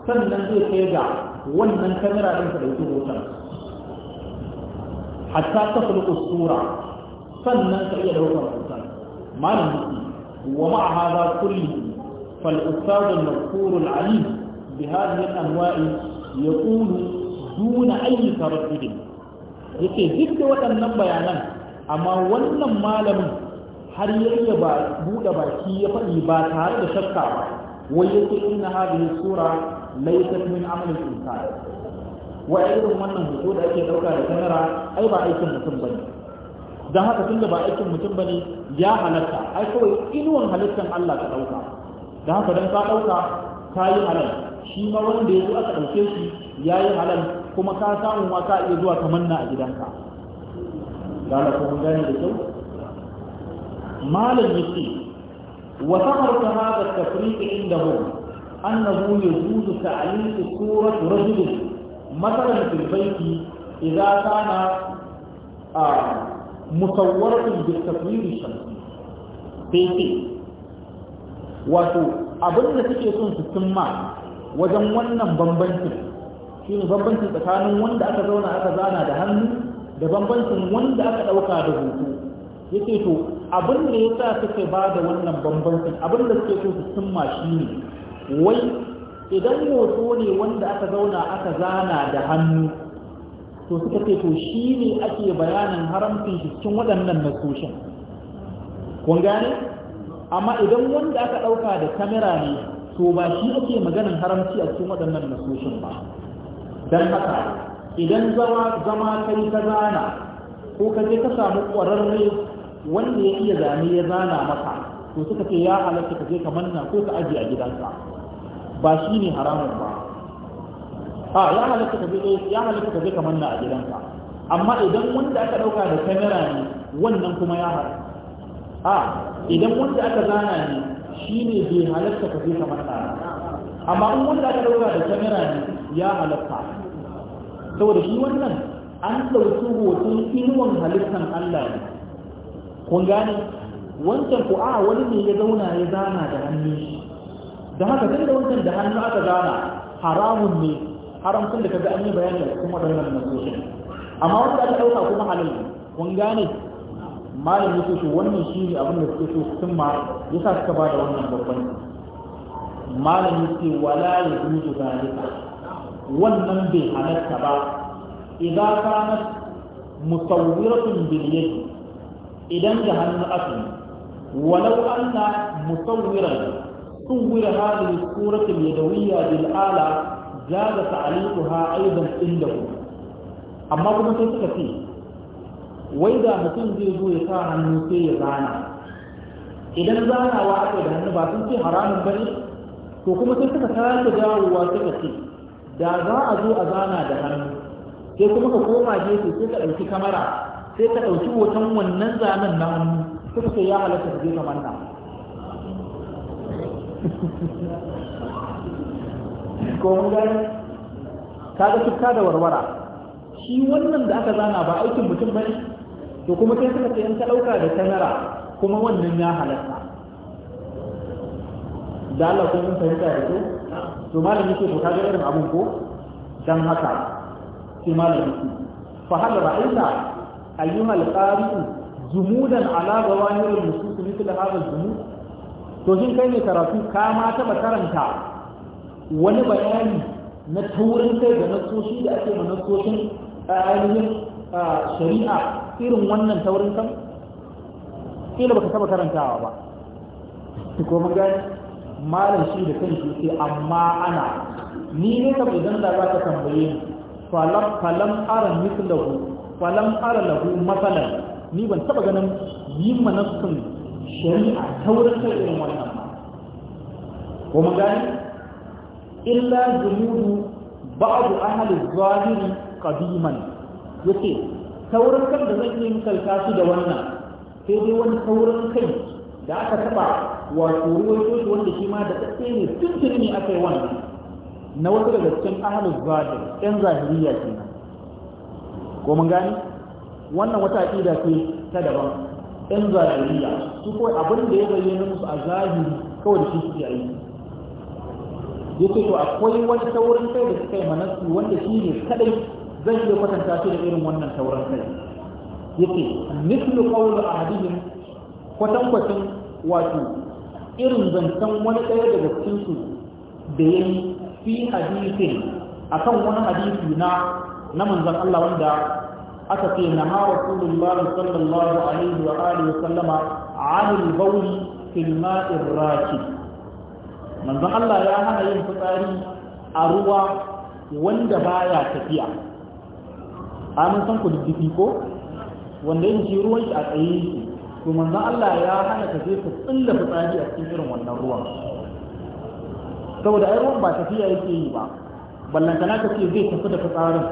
sannan zai kai ga wannan kamera ɗin ka ɗauki hoton hatta ta fulƙa sura sannan ka iya ɗaukar hoton Malamin ومع هذا كله فالأستاذ المذكور العليم بهذه الأنواع يقول دون أي تردد yake duk da waɗannan bayanan amma wannan malamin har yayya ba buɗe baki ya faɗi ba tare da shakka ba wai yake inna hadhihi sura laysat min amal al-insan wa irin wannan hoto da ake ɗauka da kamera ai ba aikin mutum bane don haka tun da ba aikin mutum ba ne ya halatta ai kawai inuwan halittar Allah ka ɗauka don haka don ka ɗauka ka yi halal shi ma wanda ya zo aka ɗauke shi ya yi halal kuma ka samu ma ka iya zuwa ka manna a gidanka gala ko mun gane da kyau malam yake wa sahar ta hada tafriq indahu annahu yajuzu ta'liq surat rajul مثلا في البيت إذا كان musawwaratun bil taswiri shamsi sai wato abin da suke son su cimma wajen wannan bambancin shine bambancin tsakanin wanda aka zauna aka zana da hannu da bambancin wanda aka ɗauka da hoto yake to abin da ya sa suka ba da wannan bambancin abin da suke so su cimma shi ne wai idan hoto ne wanda aka zauna aka zana da hannu to suka ce to shi ne ake bayanin haramcin shi cikin waɗannan nasoshin kun gane amma idan wanda aka ɗauka da kamera ne to ba shi ake maganin haramci a cikin waɗannan nasoshin ba don haka idan zama zama kai ka zana ko ka je ka samu ƙwararre wanda ya iya zane ya zana maka to suka ce ya halatta ka je ka manna ko ka ajiye a gidansa? ba shi ne haramun ba ha ya halatta ka zo ya halitta ka je ka manna a gidanka amma idan wanda aka dauka da kamera ne wannan kuma ya haram a idan wanda aka zana ne shine bai halatta ka je ka manna amma in wanda aka dauka da kamera ne ya halatta saboda shi wannan an dauki hoton inuwan halittan Allah ne kun gane wancan ko a wani ne ya zauna ya zana da hannu da haka duk da wancan da hannu aka zana haramun ne haramcin da ga an yi bayani a cikin waɗannan nasoshin amma wanda aka ɗauka kuma halal kun gane malam yake shi wannan shi ne abin da suke so sun ma sa suka ba da wannan babban Malami yake wala ya zuzu zalika wannan bai halatta ba idan kana musawwiratun bil yadi idan da hannu aka walau anna musawwiran suwwira hadhihi suratu al-yadawiyya bil ala jaza ta'aliquha aidan ku. amma kuma sai suka ce wai da mutum zai zo ya sa hannu sai ya zana idan zanawa aka da hannu ba sun ce haramun bane to kuma sai suka sake dawowa suka ce da za a zo a zana da hannu sai kuma ka koma gefe sai ka ɗauki kamara sai ka ɗauki hoton wannan zanen na hannu suka ce ya halatta ka je ka manna ko mun gane kaga tukka da warwara shi wannan da aka zana ba aikin mutum bane to kuma sai suka ce in ka dauka da kamera kuma wannan ya halatta da Allah ko mun fahimta da to malami ce ko kaga irin abun ko dan haka sai malami ce fa hal ra'aita ayyuha al-qari jumudan ala gawahir al-nusus mithla hadha al-jumud to shin kai ne karatu ka ma ta karanta wani bayani na taurin kai da nasoshi da ake ma nasoshin ainihin shari'a irin wannan taurin kan kila ka taba karantawa ba ko koma gani malam shi da kan sai amma ana ni ne ka zanda da ka tambaye ni falam falam ara mislahu falam ara lahu matsalar. ni ban taba ganin yin manassun shari'a taurin kai irin wannan ba ko mun gani illa zuyuru ba'adu ahalin zahiri qadiman yake saurin kan da zan yi misalta su da wannan sai dai wani saurin kai da aka taba wato ruwan shi wanda shi ma da tsaye ne tuntuni ne aka yi wannan na wasu daga cikin ahalin zahir ɗan zahiriya ke ko mun gani wannan wata aƙida ce ta daban ɗan zahiriya su kawai abin da ya bayyana musu a zahiri kawai da shi suke aiki ya ce to akwai wani taurin kai da suka yi su wanda shi ne kadai zai iya kwatanta shi da irin wannan taurin kai ya ce mislu a ahadihim kwatankwacin wato irin zancen wani ɗaya daga cikinsu da ya fi fi A kan wani hadisi na na manzan Allah wanda aka ce na ha rasulullahi sallallahu alaihi wa alihi wa sallama a hannun bauri, ma'ir rashid manzon Allah ya hana yin fitsari a ruwa wanda baya tafiya amin san ku diddiki ko wanda yin shi ruwan shi a tsaye shi. to manzon Allah ya hana ka je ka tsilla fitsari a cikin irin wannan ruwan saboda ai ruwan ba tafiya yake yi ba ballantana ka ce zai tafi da fitsarin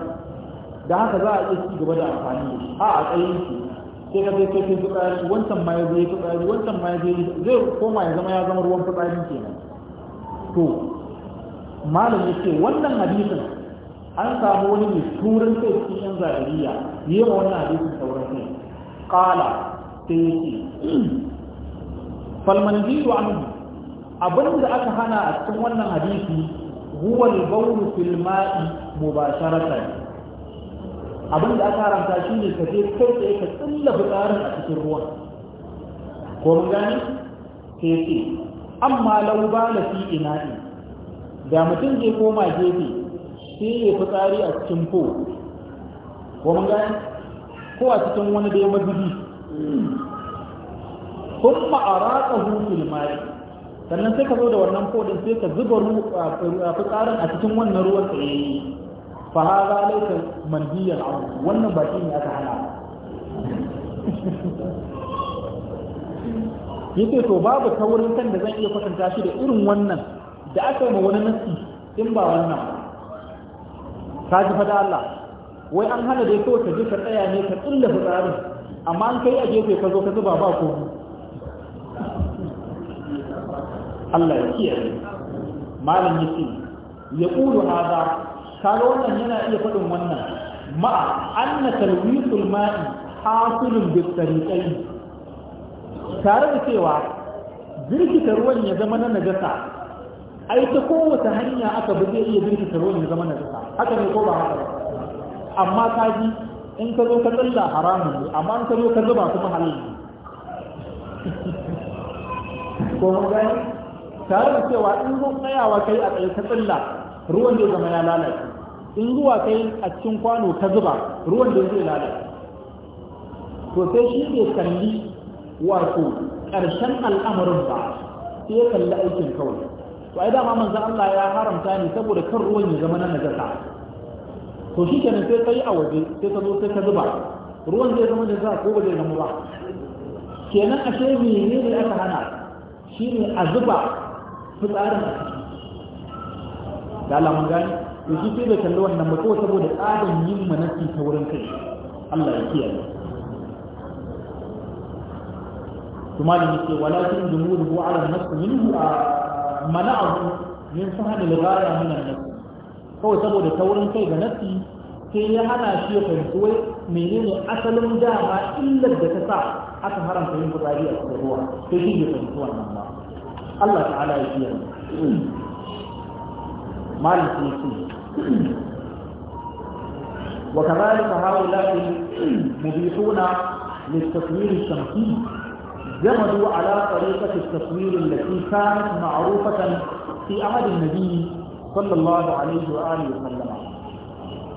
da haka za a iya ci gaba da amfani da shi a a tsayin shi sai ka zai kai fitsari wancan ma ya zai fitsari wancan ma ya zai zai koma ya zama ya zama ruwan fitsari kenan to malam wannan hadisin an samu wani mai turin kai cikin yan zahiriya yi wa wannan hadisin sauran ne. kala sai ya ce an abin aka hana a cikin wannan hadisi huwa al-bawlu fil ma'i mubasharatan abin da aka haramta shi ne ka je kai tsaye ka tsilla tsarin a cikin ruwan ko mun gani sai amma lau na fi ina'i da mutum zai koma gefe sai ya tsari a cikin ko ko gani ko a cikin wani da ya mazubi kuma a ratsa hukun mari sannan sai ka zo da wannan kodin sai ka zuba fitsarin a cikin wannan ruwan tsaye. fa ha laifin mandiyar abu wannan baki ne aka hana ce to babu taurin kan da zan iya kwatanta shi da irin wannan da aka ma wani nasi in ba wannan ka ji fada Allah wai an hana dai kawai ka je ka tsaya ne ka tsilla fitsari amma an kai a gefe ka zo ka zuba ba ko Allah ya kiyaye malam yake ya kulu hada kaga wannan yana iya faɗin wannan ma'a anna talwisul ma'i hasilun bi tariqai tare da cewa zirkita ruwan ya zama na najasa ai ta kowace hanya aka bi zai iya zirkita ruwan ya zama na najasa haka ne ko ba haka ba amma ka ji in ka zo ka tsalla haramun ne amma in ka zo ka zuba kuma halin ne ko mun gani tare da cewa in zo tsayawa kai a tsaye ka tsalla ruwan zai zama ya lalace in zuwa kai a cikin kwano ka zuba ruwan da zai lalace to sai shi ne kalli wato ƙarshen al'amarin ba sai ya kalli aikin kawai to ai dama manzo Allah ya haramta ni saboda kan ruwan ya zama na najasa to shi kenan sai kai a waje sai ka zo sai ka zuba ruwan zai zama najasa ko ba zai zama ba kenan ashe me ne aka hana shi ne a zuba fitsarin a ciki da Allah mun gani to shi sai bai kalli wannan ba saboda tsarin yin manasi ta wurin kai Allah ya kiyaye ثم لنك ولكن جمهوره على النفس منه آه، منعه من صحن الغاية من النفس هو سبب التورا كيف نفسي كي أنا شيخ سوى منين أصل مجاها إلا الدكتا حتى هرم كريم فتاهية الضروع كيفية سوى الله الله تعالى يسير ما لنسي وكذلك هؤلاء مبيحون للتطوير الشمسي جمدوا على طريقة التصوير التي كانت معروفة في عهد النبي صلى الله عليه وآله وسلم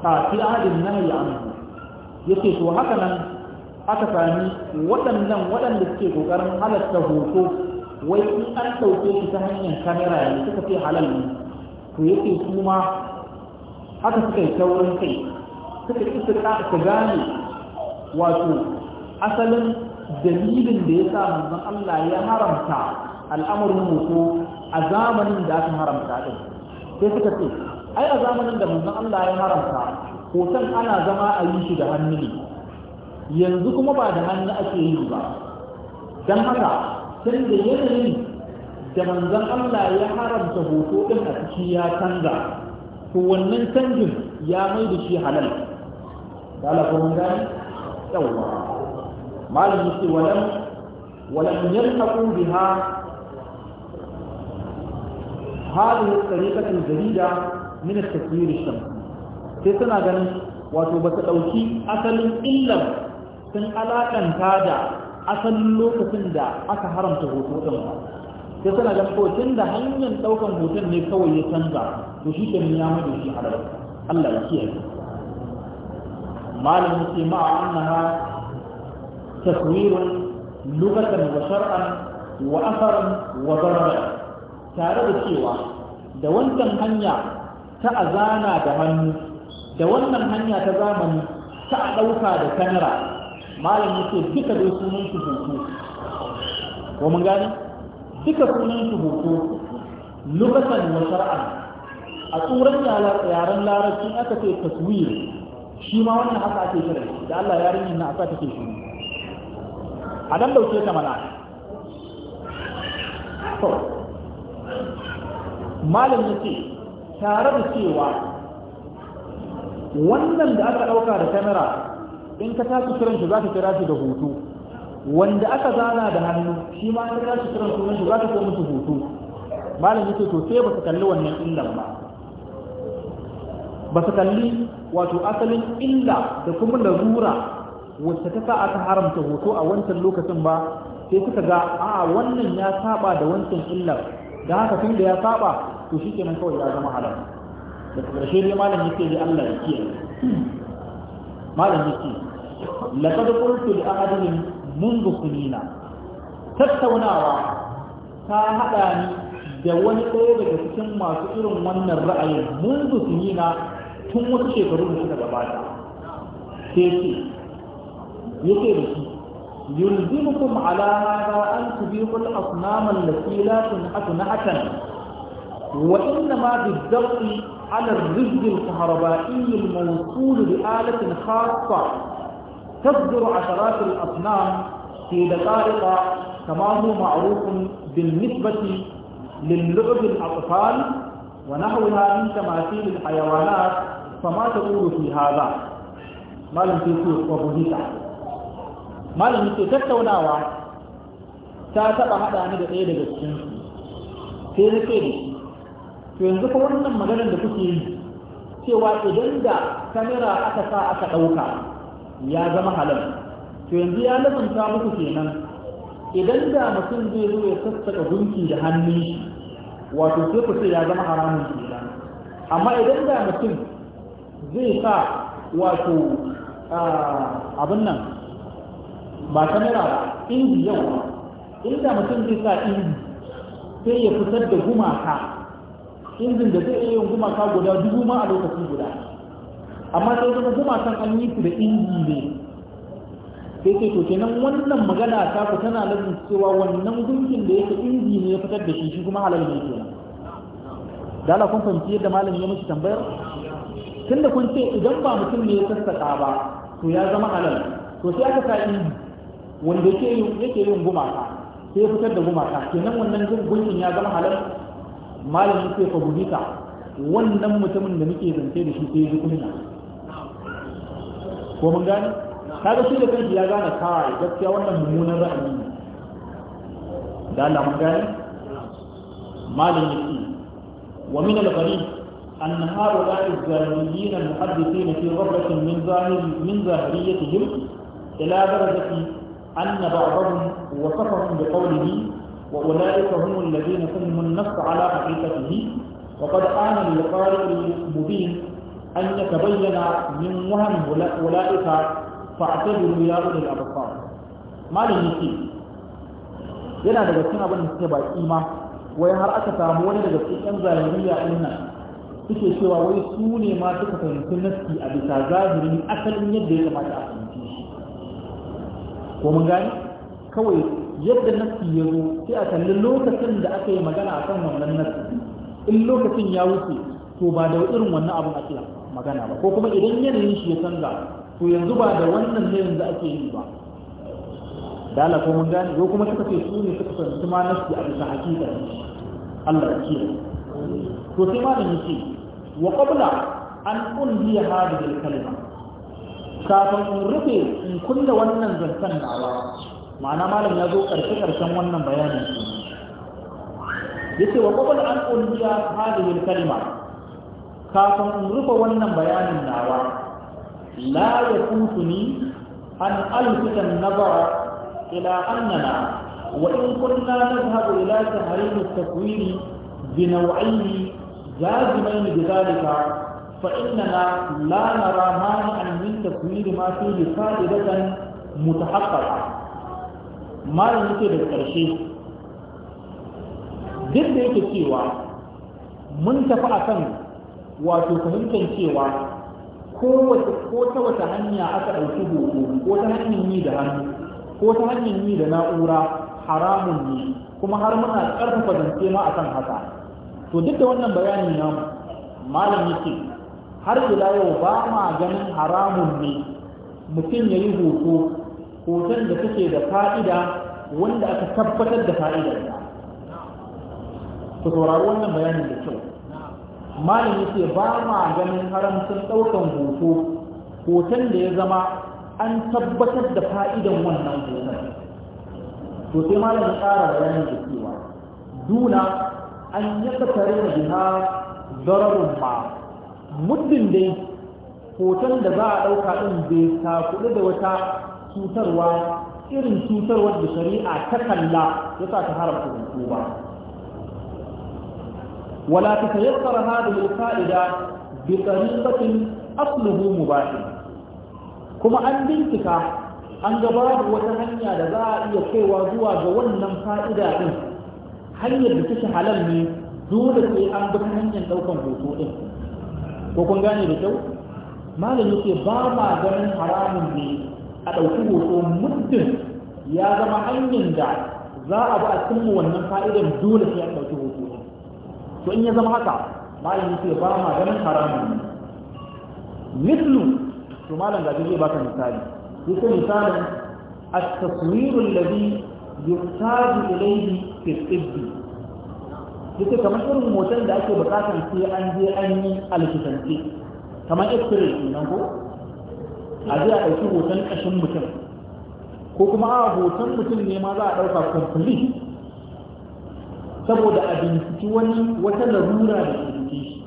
في عهد النهي عنه yake to haka aka sami waɗannan waɗanda suke ƙoƙarin halarta hoto wai in an ɗauke shi ta hanyar kamera suka fi halal ne to haka suka yi taurin kai suka ƙi su gane wato asalin dalilin da ya sa manzon Allah ya haramta al'amarin musu a zamanin da aka haramta din sai suka ce ai a zamanin da manzon Allah ya haramta hoton ana zama a yi shi da hannu ne yanzu kuma ba da hannu ake yi ba don haka sai da yanayin da manzon Allah ya haramta hoto din a ciki ya canza to wannan canjin ya mai da shi halal da alaƙon gani malam yace walam walam yalhaqu biha hadhihi at-tariqatu al-jadida min at-taswir ash-shamsi sai suna ganin wato ba ta dauki asalin illan sun alakanta da asalin lokacin da aka haramta hoto din ba sai suna ganin ko oh, da hanyar daukan hoton ne kawai ya canza to shi ke ya mutu shi halal Allah ya kiyaye malamin ce ma'a annaha تصوير لغة وشرعا وأثرا وضررا تعرض الشيوة دولتا هنيا تأذانا دهن دولتا هنيا تزامن تألوكا دكاميرا ما لم يكن بك دوسومن تبوكو ومن قال بك سومن تبوكو لغة وشرعا على يارن لا رسول أكثر تصوير شيما وانا wannan haka ake shirin da Allah ya rinni a dan dauke ta mana to malam ya ce tare da cewa wannan da aka ɗauka da kamera in ka tashi kiran shi za ka kira shi da hoto wanda aka zana da hannu shi ma ka tashi kiran sunan shi za ka kai musu hoto malam ya ce to sai ba su kalli wannan illan ba ba su kalli wato asalin illa da kuma larura wacce ta sa aka haramta hoto a wancan lokacin ba sai suka ga a wannan ya saba da wancan illar da haka tun da ya saba to shi kenan kawai ya zama halal da ƙarshe ne malam yake ji Allah ya kiyaye malam yake laqad qultu li ahadin منذ kunina tattaunawa ta hada ni da wani ɗaya daga cikin masu irin wannan ra'ayin mundu kunina tun wasu shekaru da suka gabata sai يقيمكم يلزمكم على هذا أن تبيعوا الأصنام التي لا تنحت نحتا وإنما بالضبط على الرجل الكهربائي الموصول بآلة خاصة تصدر عشرات الأصنام في دقائق كما هو معروف بالنسبة للعب الأطفال ونحوها من تماثيل الحيوانات فما تقول في هذا ما لم تكن وبهي تحدث malamin to tattaunawa ta taɓa haɗa ni da ɗaya daga cikin sai na da shi to yanzu fa wannan maganar da kuke yi cewa idan da kamera aka sa aka ɗauka ya zama halal to yanzu ya lazumta muku kenan idan da mutum zai zo ya sassaka gunki da hannu, wato sai ku ce ya zama haramun kenan amma idan da mutum zai sa wato ah, abin nan ba kamera ba inji yau inda mutum zai sa inji sai ya fitar da gumaka injin da zai iya gumaka guda dubu ma a lokaci guda amma sai zama gumakan an yi su da inji ne sai sai to kenan wannan magana ta ku tana lafi cewa wannan gunkin da yake inji ne ya fitar da shi shi kuma halal ne kenan da Allah kun fahimci yadda malam ya miki tambayar tunda kun ce idan ba mutum ne ya sassaka ba to ya zama halal to sai aka sa inji wanda yake yin gumaka sai ya fitar da gumaka kenan wannan gunkin ya zama halal malamin sai fa gudita wannan mutumin da muke zance da shi sai ya ji kunya ko mun gane kaga shi da kanki ya gane kawai gaskiya wannan mummunan ra'ayi ne da Allah mun gane malamin yake wa min al-gharib أن هؤلاء الزاهريين المحدثين في غفلة من ظاهريتهم إلى درجة أن بعضهم وصفهم بقوله وأولئك هم الذين سموا النص على حقيقته وقد آن للقارئ المبين أن يتبين من وهم أولئك فاعتبروا يا أولي الأبصار ما لنسي yana daga cikin abin da suke baki ma wai har aka samu wani daga cikin yan zahiriya nan suke cewa wai su ne ma suka fahimci nasti a bisa zahirin asalin yadda ya kamata a ko mun gane kawai yadda nassi ya zo sai a kalli lokacin da aka yi magana a kan wannan nassi in lokacin ya wuce to ba da irin wannan abin ake magana ba ko kuma idan yanayin shi ya canza to yanzu ba da wannan ne yanzu ake yi ba da la ko mun gane ko kuma suka ce su ne suka fahimci ma nassi a bisa hakika Allah ya kiyaye to sai da ce wa qabla an unhiya hadhihi al-kalima kafin in rufe in kulle wannan zancen nawa ma'ana malam ya zo ƙarshe ƙarshen wannan bayanin su ce wa qabla an ulliya hadhihi kalma kafin in rufe wannan bayanin nawa la yakutuni an alfita an-nazara ila annana wa in kunna nadhhabu ila tahrim at-takwir bi naw'ayn jazimayn bi dhalika فإننا لا نرى مانعا من تكوين ما فيه فائدة متحققة ما يمكن الترشيح duk da yake cewa mun tafi a kan wato fahimtar cewa ko ta wata hanya aka ɗauki hoto ko ta hanyar yi da hannu ko ta hanyar yi da na'ura haramun ne kuma har muna ƙarfafa zance ma akan haka to duk da wannan bayani na malam yake har ila yau ba ma ganin haramun ne mutum ya yi hoto hoton da suke da fa'ida wanda aka tabbatar da fa'idar ta ku saurari wannan bayanin da kyau malami ce ba ma ganin haramcin ɗaukan hoto hoton da ya zama an tabbatar da fa'idan wannan hoton to sai malamin ƙara bayanin da cewa duna an yi tsakarin jiha zararun ma muddin dai hoton da za a ɗauka ɗin bai sakuɗu da wata cutarwa irin cutarwar da shari'a ta kalla ya sa ta haramta hoto ba wala ta tayassar hada da faida bi tariqatin asluhu mubah kuma an bincika an ga babu wata hanya da za a iya kaiwa zuwa ga wannan fa'ida din hanyar da take halal ne dole sai an bi hanyar ɗaukan hoto ɗin. ko kun gane da kyau Malami yake ba ma ganin haramun ne a ɗauki hoto muddin ya zama hanyar da za a ba a cimma wannan fa'idan dole sai an ɗauki hoto to in ya zama haka malami yake ba ma ganin haramun ne mislu to malam gaji zai baka misali yake misalin at-taswirul ladhi yuqtadu ilayhi في الطب yace kamar irin hoton da ake bukatar sai an je an yi alkitance kamar x-ray kenan ko a je a ɗauki hoton ƙashin mutum ko kuma a hoton mutum ne ma za a ɗauka complete saboda a binciki wani wata larura da ke jikin shi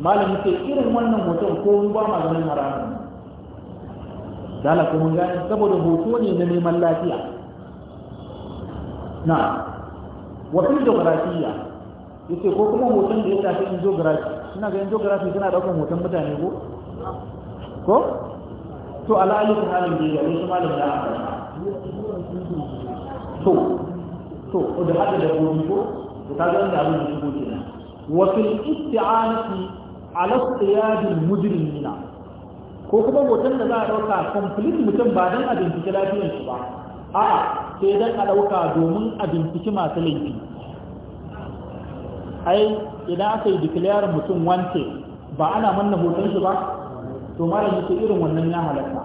malam ce irin wannan hoton ko mun ba ma ganin haramun dala ko mun gane saboda hoto ne na neman lafiya na wafin da yace ko kuma hoton da ya tafi angiography ina ga angiography tana daukan hoton mutane ko ko to ala'ayi ta halin da ya su malam ya to to da hada da gobe ko to ta ga wanda abin da shigo kenan wa fil isti'anati ala istiyadil mujrimina ko kuma hoton da za a dauka complete mutum ba dan a bincike lafiyar shi ba a'a sai dan a dauka domin a bincike masu laifi ai idan aka yi declare mutum wante ba ana manna hoton shi ba to malam yake irin wannan ya halatta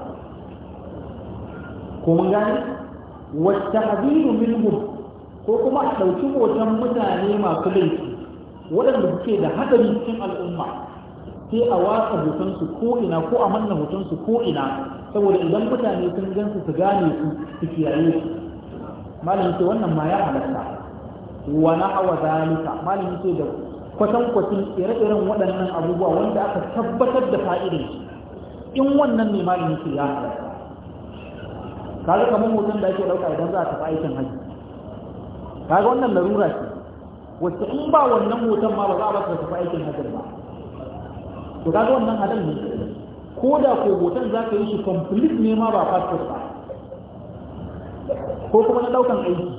ko mun gani wa Habibu minhu ko kuma a dauki hoton mutane masu laifi waɗanda suke da hadari cikin al'umma sai a watsa hoton su ko ina ko a manna hoton su ko ina saboda idan mutane sun gansu su gane su su kiyaye su malam yake wannan ma ya halatta wa hawa zalika malami ce da kwatan kwatin ire-iren waɗannan abubuwa wanda aka tabbatar da fa'idin in wannan ne malami ce ya ka kaga kamar hoton da ake dauka idan za a tafi aikin haji ga wannan larura ce wacce in ba wannan hoton ma ba za a baka tafi aikin hajji ba to ga wannan halal ne ko da ko hoton za ka yi shi complete ne ma ba passport ba ko kuma na daukan aiki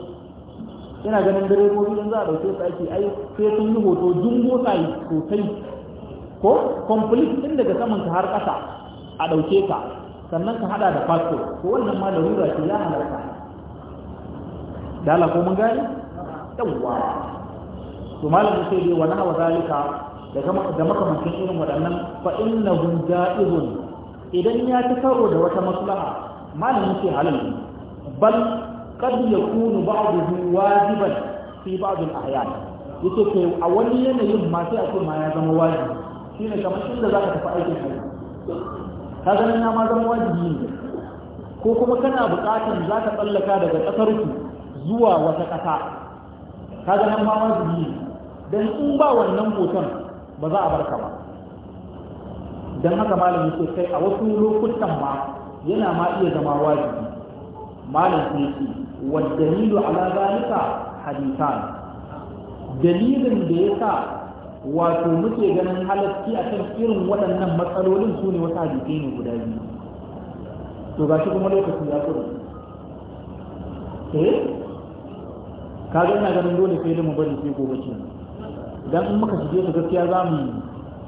yana ganin dare direbobi don za a dauke su aiki ai sai sun yi hoto jungo sai sosai ko complete tun daga saman ka har ƙasa a ɗauke ka sannan ka hada da passport ko wannan ma larura ce ya halarta dala ko mun gani yawwa to malamin sai dai wani hawa zalika da makamancin irin waɗannan fa innahum ja'ibun idan ya fi karo da wata maslaha malamin sai halal bal kad ya kunu wajiban fi ba'd al-ahyan yace kai a wani yanayin ma sai a ma ya zama wajibi shine kamar inda zaka tafi aikin hajji ka ganin na ma zama wajibi ne ko kuma kana buƙatar zaka tsallaka daga ƙasar ku zuwa wata ƙasa ka ganin ma wajibi ne dan in ba wannan hoton ba za a barka ba dan haka malami ce kai a wasu lokutan ma yana ma iya zama wajibi malam sai والدليل على ذلك حديثان دليل ديسا wato muke ganin halarci a kan irin waɗannan matsalolin su ne wata hadisai ne guda biyu to ga shi kuma lokacin ya kuri eh ka ga ina ganin dole sai da mu bari sai gobe ce dan in muka shige ta gaskiya za mu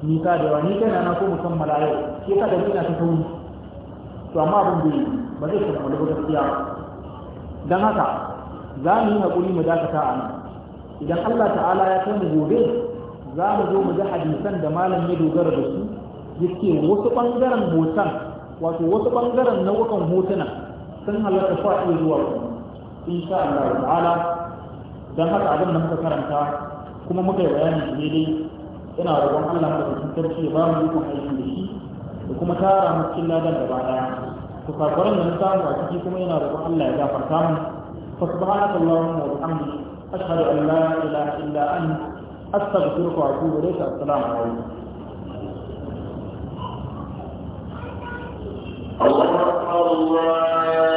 yi nisa da yawa ni kaina na ko mu kammala yau shi ka da ina ta sauri to amma abin da ba zai kammala ba gaskiya ba. don haka za mu yi hakuri mu dakata a nan idan Allah ta'ala ya san gobe za mu zo mu ji hadisan da malam ya dogara da su yake wasu ɓangaren hoton wato wasu ɓangaren nau'ukan hotuna sun halatta fa iya zuwa sha Allah ta'ala don haka abin da muka karanta kuma muka yi bayani ne dai ina roƙon Allah da sarki ya ba mu ikon aiki da shi da kuma tara mu cikin ladan ba ɗaya to sakwaran da na samu a ciki kuma yana roƙon Allah ya gafarta mu fa subhanaka allahumma wa bihamdika ashhadu an la ilaha illa anta astaghfiruka wa atubu ilayk assalamu alaikum الله الله